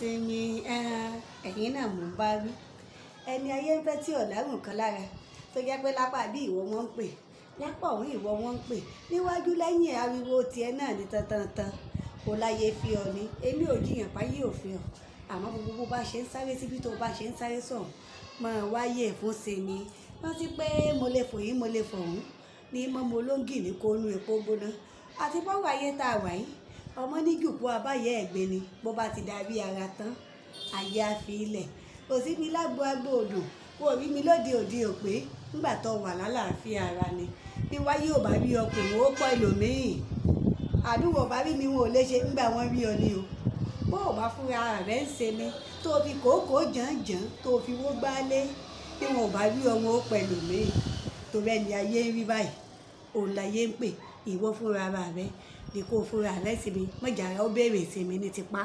sinmi ẹ̀yin náà mò ń bá wí ẹni ayé ń fẹ́ tí ọ̀làrùn kan lára tó jẹ́ pé lápá bí ìwọ wọn ń pè lápá ọ̀hún ìwọ wọn ń pè níwájú lẹ́yìn ariwo tiẹ̀ náà ní tantantan kò láyé fi ọ ni èmi ò jiyàn páyé òfin ọ àmọ́ gbogbo bó bá ṣe ń sáré síbi tó bá ṣe ń sáré sọ̀hún máa wáyé fún sinmi rántí pé mo lè fò yín mo lè fò ọ̀hún ní mọ́mọ́ olóńgì ní kónú epo gbóná àti bọ́wọ́ ayé tá a wà yìí ọmọ ní jùkú abáyé ẹ̀gbẹ́ ni bó bá ti darí ara tán ayé àfi ilẹ̀ òsì mi lágbo agbó odò kó rí mi lóde òde òpé nígbà tó wà lálàáfíà ara ni bí wáyé ò bá rí ọkùnrin ó pọ̀ ẹlòmíì àdúgbò bá rí mi wọn ò lè ṣe nígbà wọ́n rí ọ ní o bó o bá fúnra rẹ̀ ń ṣe mi tó o fi kòókòó jàǹjàǹ tó o fi wó gbálé bí wọn ò bá rí ọmọ ó pọ̀ ẹlòmíì torí ẹni ayé ń rí báyìí òun láyé ń pè ìwọ fúnra rẹ̀ ni kò fúnra rẹ̀ sí mi mọ̀jà rẹ̀ ó béèrè sí ní tipá.